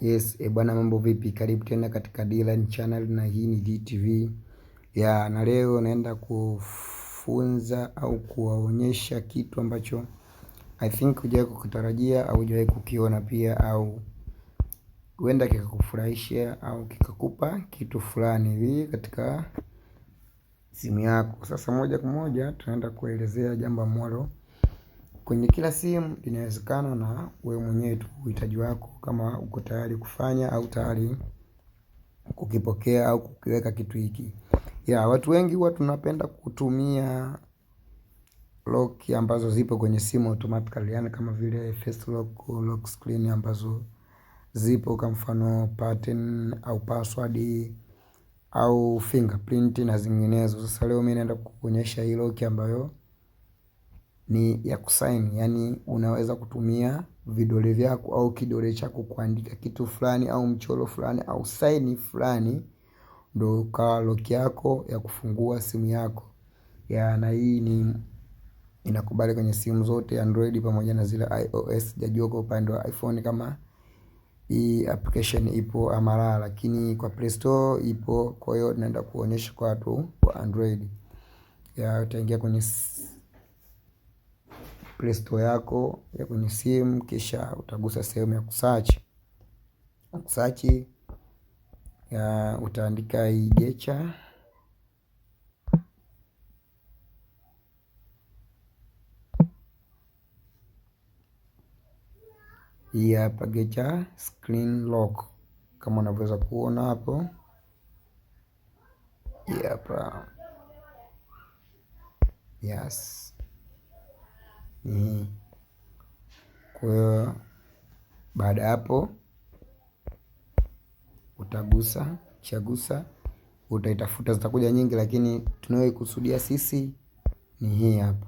Yes, e bwana mambo vipi? Karibu tena katika D-Line channel na hii ni DTV. Ya, na leo naenda kufunza au kuwaonyesha kitu ambacho I think hujawahi kukitarajia au hujawahi kukiona pia au huenda kikakufurahisha au kikakupa kitu fulani hivi katika simu yako. Sasa moja kwa moja tunaenda kuelezea jambo ambalo kwenye kila simu inawezekana na wewe mwenyewe tu uhitaji wako, kama uko tayari kufanya au tayari kukipokea au kukiweka kitu hiki. Ya watu wengi huwa tunapenda kutumia lock ambazo zipo kwenye simu automatically, yani kama vile face lock, lock screen ambazo zipo kwa mfano pattern au password au fingerprint na zinginezo. Sasa leo mimi naenda kukuonyesha hii lock ambayo ni ya kusign, yani unaweza kutumia vidole vyako au kidole chako kuandika kitu fulani au mchoro fulani au saini fulani, ndo ukawa lock yako ya kufungua simu yako ya, na hii ni inakubali kwenye simu zote Android pamoja na zile iOS. Sijajua kwa upande wa iPhone kama hii application ipo ama la, lakini kwa Play Store ipo. Kwa hiyo naenda kuonyesha kwa watu wa Android ya utaingia kwenye Store yako ya kwenye simu, kisha utagusa sehemu ya kusearch. Kusearch ya utaandika Ijecha hii hapa gecha screen lock, kama unavyoweza kuona hapo. Hii hapa yes. Mm-hmm. Kwa hiyo baada hapo utagusa, chagusa, utaitafuta, zitakuja nyingi, lakini tunayoikusudia sisi ni hii hapa.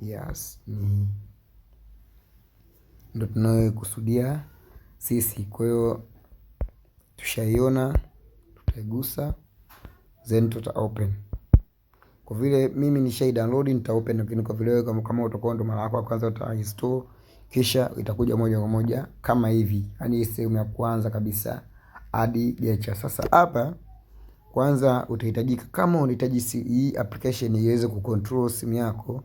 Yes, ni ndo tunayoikusudia sisi. Kwa hiyo tushaiona, tutaigusa then tuta open. Kwa vile mimi nisha download nita open, lakini kwa vile kama kama utakuwa ndo mara yako ya kwanza uta install, kisha itakuja moja kwa moja kama hivi, yani sehemu ya kwanza kabisa hadi Gecha. Sasa hapa kwanza utahitajika, kama unahitaji hii application iweze kucontrol simu yako,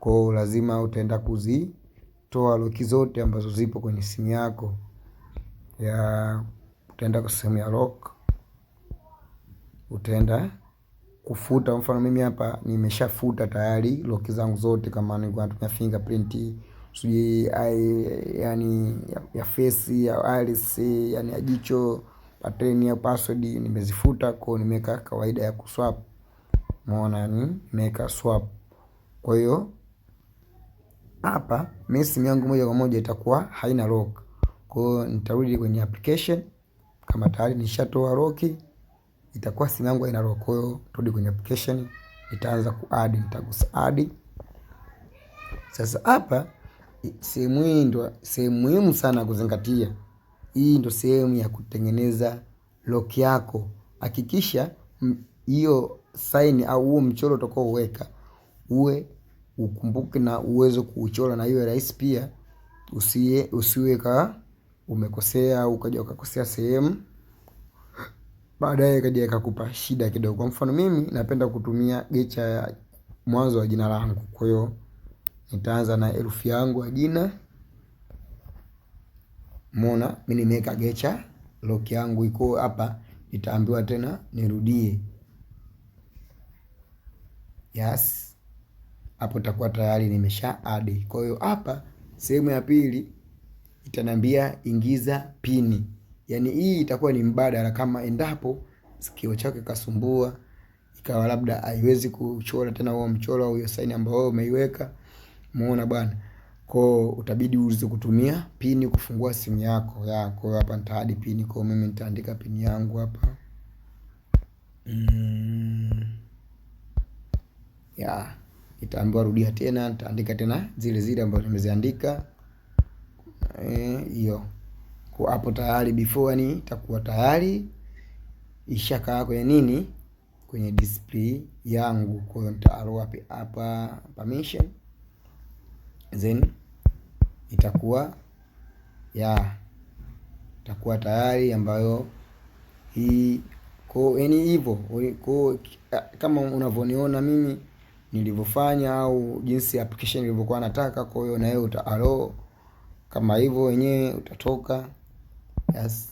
kwa lazima utaenda kuzitoa loki zote ambazo zipo kwenye simu yako ya, utaenda kwa sehemu ya lock, utaenda kufuta. Mfano mimi hapa nimeshafuta tayari lock zangu zote, kama nilikuwa natumia fingerprint sijui yani ya, ya face ya iris yani ya jicho, pattern ya password nimezifuta. Kwa hiyo nimeweka kawaida ya kuswap, umeona, ni nimeweka swap. Kwa hiyo hapa mimi simu yangu moja kwa moja itakuwa haina lock. Kwa hiyo nitarudi kwenye application kama tayari nishatoa lock itakuwa simu yangu ina lock. Kwa hiyo turudi kwenye application, itaanza ku add, nitagusa add. Sasa hapa sehemu hii ndio sehemu muhimu sana kuzingatia. Hii ndio sehemu ya kutengeneza lock yako. Hakikisha hiyo sign au huo mchoro utakao uweka uwe ukumbuke na uwezo kuuchora na iwe rahisi pia, usiye usiweka umekosea ukaja ukakosea sehemu baadaye kaja ikakupa shida kidogo. Kwa mfano mimi napenda kutumia gecha ya mwanzo wa jina langu, kwa hiyo nitaanza na herufi yangu ya jina. mona mimi nimeweka gecha, lock yangu iko hapa, nitaambiwa tena nirudie yes. Hapo takuwa tayari nimesha add. Kwa hiyo hapa sehemu ya pili itaniambia ingiza pini yani hii itakuwa ni mbadala kama endapo sikio chako kasumbua ikawa labda haiwezi kuchora tena huo mchoro au hiyo saini ambayo wewe umeiweka. Muona bwana? Kwa utabidi uweze kutumia pini kufungua simu yako. Ya, kwa hapa nita pini, kwa mimi nitaandika pini yangu hapa. Mm. Ya, itaambiwa rudia tena, nitaandika tena zile zile ambazo nimeziandika. Eh, hiyo hapo hapo tayari before, yani itakuwa tayari ishakaa kwenye nini, kwenye display yangu. Kwa hiyo wapi hapa permission, then itakuwa ya itakuwa tayari ambayo hii kwa yani hivyo kama unavyoniona mimi nilivyofanya au jinsi application ilivyokuwa nataka. Kwa hiyo na wewe uta allow kama hivyo wenyewe utatoka yes.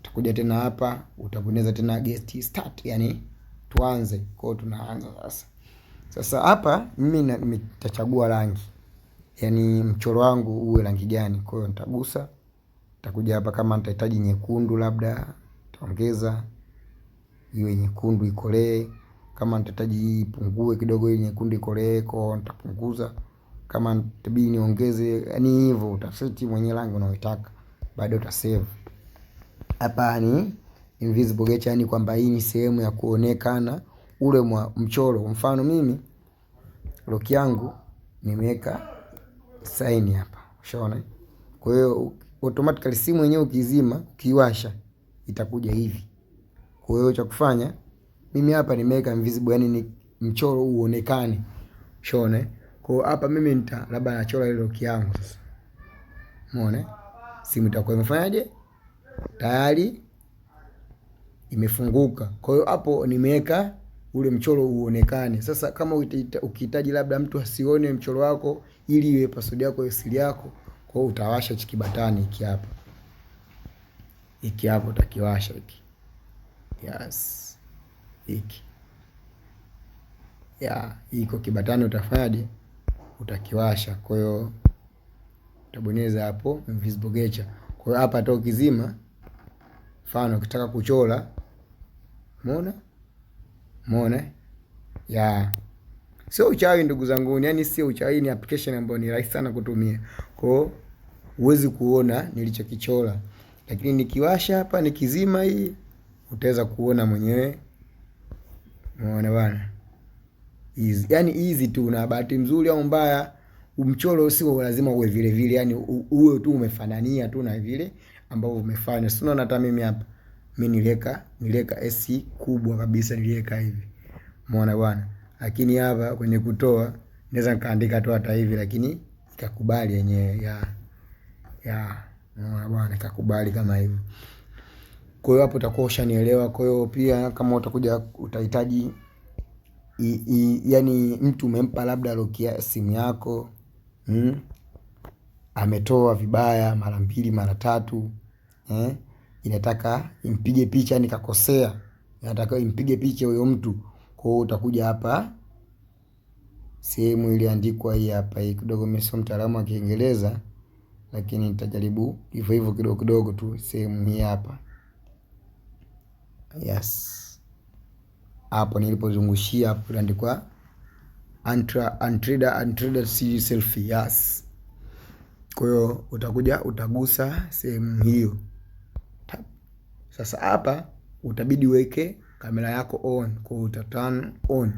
Utakuja tena hapa utabonyeza tena guest start, yani tuanze. Kwa hiyo tunaanza sasa. Sasa hapa mimi nitachagua rangi, yani mchoro wangu uwe rangi gani. Kwa hiyo nitagusa, nitakuja hapa, kama nitahitaji nyekundu, labda nitaongeza iwe nyekundu ikolee. Kama nitahitaji ipungue kidogo, ile nyekundu ikolee, kwa hiyo nitapunguza. Kama nitabidi niongeze, yani hivyo utaseti mwenye rangi unayotaka, baadaye utasave hapa ni invisible gauge, yani kwamba hii ni sehemu ya kuonekana ule mwa mchoro. Mfano mimi lock yangu nimeweka sign hapa, ushaona. Kwa hiyo automatically simu yenyewe ukizima, ukiwasha itakuja hivi. Kwa hiyo cha kufanya mimi hapa nimeweka invisible, yani ni mchoro uonekane, ushaona. Kwa hiyo hapa mimi nita labda nachora ile lock yangu sasa, umeona simu itakuwa imefanyaje tayari imefunguka. Kwa hiyo hapo nimeweka ule mchoro uonekane. Sasa kama ukihitaji labda mtu asione mchoro wako ili iwe password yako ya siri yako, kwa hiyo utawasha hiki kibatani hiki hapa. Hiki hapo utakiwasha hiki. Yes. Hiki. Ya, iko kibatani utafanyaje? Utakiwasha. Kwa hiyo utabonyeza hapo invisible gecha. Kwa hiyo hapa toki kizima Mfano ukitaka kuchora mona mona ya sio uchawi ndugu zangu, yani sio uchawi, ni application ambayo ni rahisi sana kutumia. Kwa hiyo huwezi kuona nilichokichora, lakini nikiwasha hapa nikizima hii utaweza kuona mwenyewe. Umeona bwana, easy yani easy tu, na bahati nzuri au mbaya, mchoro sio lazima uwe vile vile, yani uwe tu umefanania tu na vile ambao umefanya. Sio unaona hata mimi hapa mimi niliweka niliweka AC kubwa kabisa niliweka hivi. Umeona bwana? Lakini hapa kwenye kutoa naweza nikaandika tu hata hivi lakini ikakubali yenyewe ya ya umeona bwana ikakubali kama hivyo. Kwa hiyo hapo utakuwa ushanielewa. Kwa hiyo pia kama utakuja utahitaji yani mtu umempa labda lokia simu yako mm, ametoa vibaya mara mbili mara tatu eh, inataka impige picha nikakosea, inataka impige picha huyo mtu. Kwa hiyo utakuja hapa sehemu iliandikwa hii hapa, hii kidogo. Mimi sio mtaalamu wa Kiingereza, lakini nitajaribu hivyo hivyo kidogo kidogo tu, sehemu hii hapa yes hapo nilipozungushia hapo iliandikwa antra antrida antrida selfie yes. Kwa hiyo utakuja utagusa sehemu hiyo. Sasa hapa utabidi uweke kamera yako on, kwa hiyo uta turn on,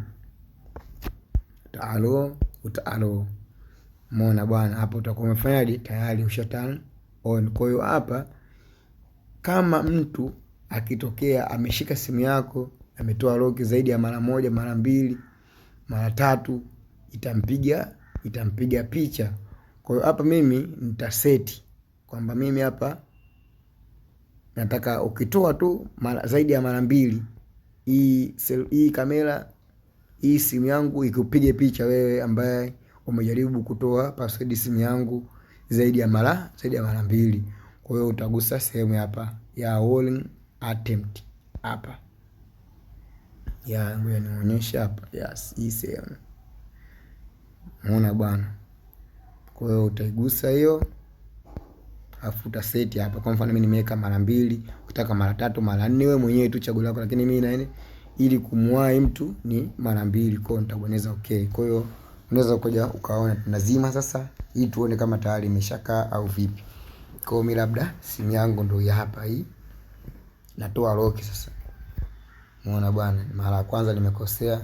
utaalo utaalo. Umeona bwana, hapo utakuwa umefanya Tayari usha turn on. Kwa hiyo hapa kama mtu akitokea ameshika simu yako ametoa lock zaidi ya mara moja, mara mbili, mara tatu, itampiga itampiga picha. Kwa hiyo hapa mimi nitaseti kwamba mimi hapa nataka ukitoa tu mara zaidi ya mara mbili hii hii kamera hii simu yangu ikupige picha wewe ambaye umejaribu kutoa password simu yangu zaidi ya mara zaidi ya mara mbili. Kwa hiyo utagusa sehemu hapa ya warning attempt hapa ya ngoja nionyeshe hapa yes, hii sehemu muona bwana. Kwa hiyo utaigusa hiyo afu utaseti hapa. Kwa mfano mimi nimeweka mara mbili, ukitaka mara tatu, mara nne, wewe mwenyewe tu chaguo lako, lakini mimi naene ili kumwahi mtu ni mara mbili. Kwa hiyo nitabonyeza okay. Kwa hiyo unaweza kuja ukaona tunazima sasa, ili tuone kama tayari imeshakaa au vipi. Kwa hiyo mimi labda simu yangu ndio ya hapa hii, natoa lock sasa. Muona bwana, mara ya kwanza nimekosea,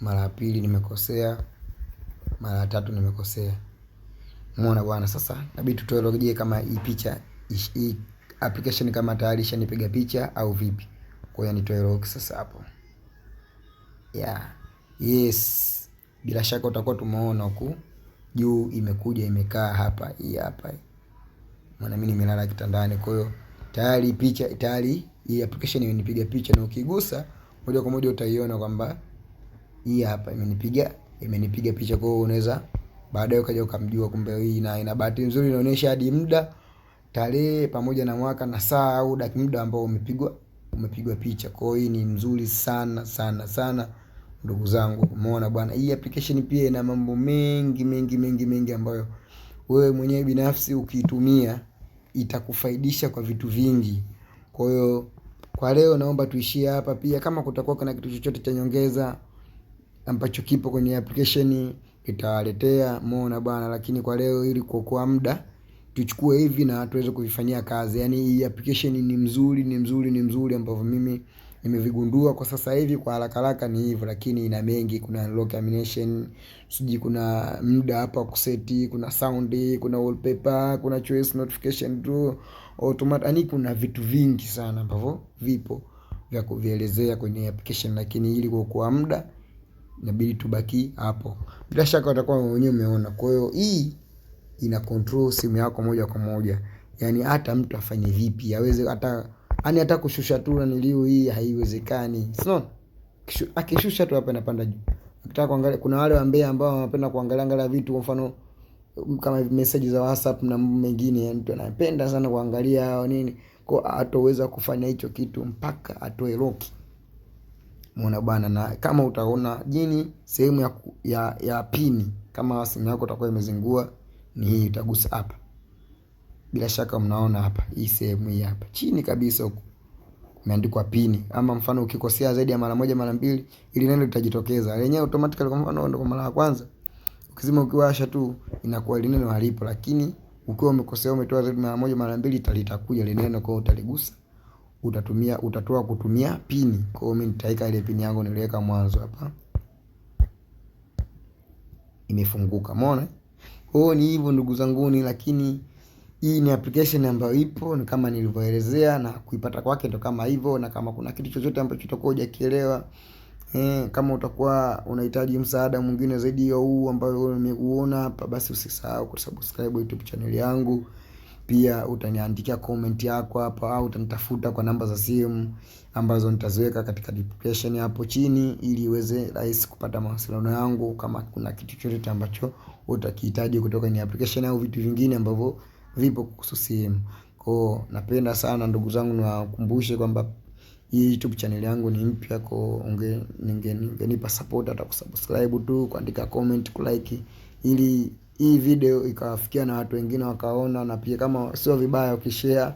mara ya pili nimekosea, mara ya tatu nimekosea. Umeona bwana, sasa inabidi tutoelogee kama hii picha hii application kama tayari shanipiga picha au vipi. Kwa hiyo nitoe log sasa hapo. Yeah. Yes. Bila shaka utakuwa tumeona huku juu imekuja imekaa hapa hii hapa. Maana mimi nimelala kitandani, kwa hiyo tayari picha tayari hii application imenipiga picha na ukigusa moja kwa moja utaiona kwamba hii hapa imenipiga imenipiga picha, kwa hiyo unaweza baadaye ukaja ukamjua kumbe hii, na ina bahati nzuri inaonyesha hadi muda, tarehe pamoja na mwaka na saa au dakika, muda ambao umepigwa umepigwa picha. Kwa hiyo ni mzuri sana sana sana, ndugu zangu, umeona bwana. Hii application pia ina mambo mengi mengi mengi mengi ambayo wewe mwenyewe binafsi ukiitumia itakufaidisha kwa vitu vingi. Kwa hiyo kwa leo naomba tuishie hapa. Pia kama kutakuwa kuna kitu chochote cha nyongeza ambacho kipo kwenye application itawaletea muona bwana, lakini kwa leo ili kuokoa muda tuchukue hivi na tuweze kuvifanyia kazi. Yani hii application ni mzuri, ni mzuri, ni mzuri ambavyo mimi nimevigundua kwa sasa hivi kwa haraka haraka ni hivyo, lakini ina mengi. Kuna unlock animation, sijui kuna muda hapa kuseti, kuna sound, kuna wallpaper, kuna choice notification draw automatic, yani kuna vitu vingi sana ambavyo vipo vya kuvielezea kwenye application, lakini ili kuokoa muda inabidi tubaki hapo. Bila shaka utakuwa mwenyewe umeona. Kwa hiyo hii ina control simu yako moja kwa moja, yani hata mtu afanye vipi aweze hata yani hata kushusha tu nilio hii haiwezekani, sio akishusha tu hapa inapanda juu. Ukitaka kuangalia, kuna wale wambea ambao wanapenda kuangalia angalia vitu, kwa mfano kama message za WhatsApp na mambo mengine, yaani mtu anapenda sana kuangalia au nini, kwa hatoweza kufanya hicho kitu mpaka atoe lock muona bwana, na kama utaona jini sehemu ya, ya, ya pini, kama simu yako itakuwa imezingua ni hii, utagusa hapa. Bila shaka mnaona hapa hii sehemu hii hapa chini kabisa huko imeandikwa pini, ama mfano ukikosea zaidi ya mara moja mara mbili, ili neno litajitokeza lenyewe automatically. Kwa mfano ndo kwa mara ya kwanza ukizima ukiwasha tu inakuwa ile neno halipo, lakini ukiwa umekosea umetoa zaidi mara moja mara mbili, italitakuja ile neno, kwa hiyo utaligusa utatumia utatoa kutumia pini. Kwa hiyo mimi nitaika ile pini yangu niliweka mwanzo hapa, imefunguka. Umeona, hiyo ni hivyo ndugu zanguni, lakini hii ni application ambayo ipo ni kama nilivyoelezea, na kuipata kwake ndo kama hivyo, na kama kuna kitu chochote ambacho utakuwa hujakielewa Eh, kama utakuwa unahitaji msaada mwingine zaidi ya huu ambayo umeuona hapa, basi usisahau kusubscribe YouTube channel yangu. Pia utaniandikia comment yako hapa au utanitafuta kwa namba za simu ambazo nitaziweka katika description hapo chini ili iweze rahisi kupata mawasiliano yangu kama kuna kitu chochote ambacho utakihitaji kutoka ni application au vitu vingine ambavyo vipo kuhusu simu. Kwa napenda sana ndugu zangu niwakumbushe kwamba hii YouTube channel yangu ni mpya kwa unge ningenipa support hata kusubscribe tu, kuandika comment, kulike ili hii video ikawafikia na watu wengine wakaona, na pia kama sio vibaya ukishare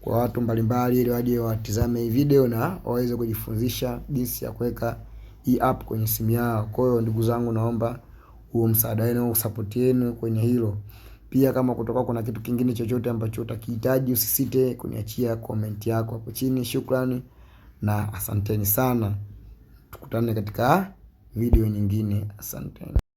kwa watu mbalimbali, ili waje watizame hii video na waweze kujifunzisha jinsi ya kuweka hii app kwenye simu yao. Kwa hiyo ndugu zangu, naomba huo msaada wenu, au support yenu kwenye hilo. Pia kama kutoka kuna kitu kingine chochote ambacho utakihitaji, usisite kuniachia comment yako hapo chini. Shukrani na asanteni sana, tukutane katika video nyingine. Asanteni.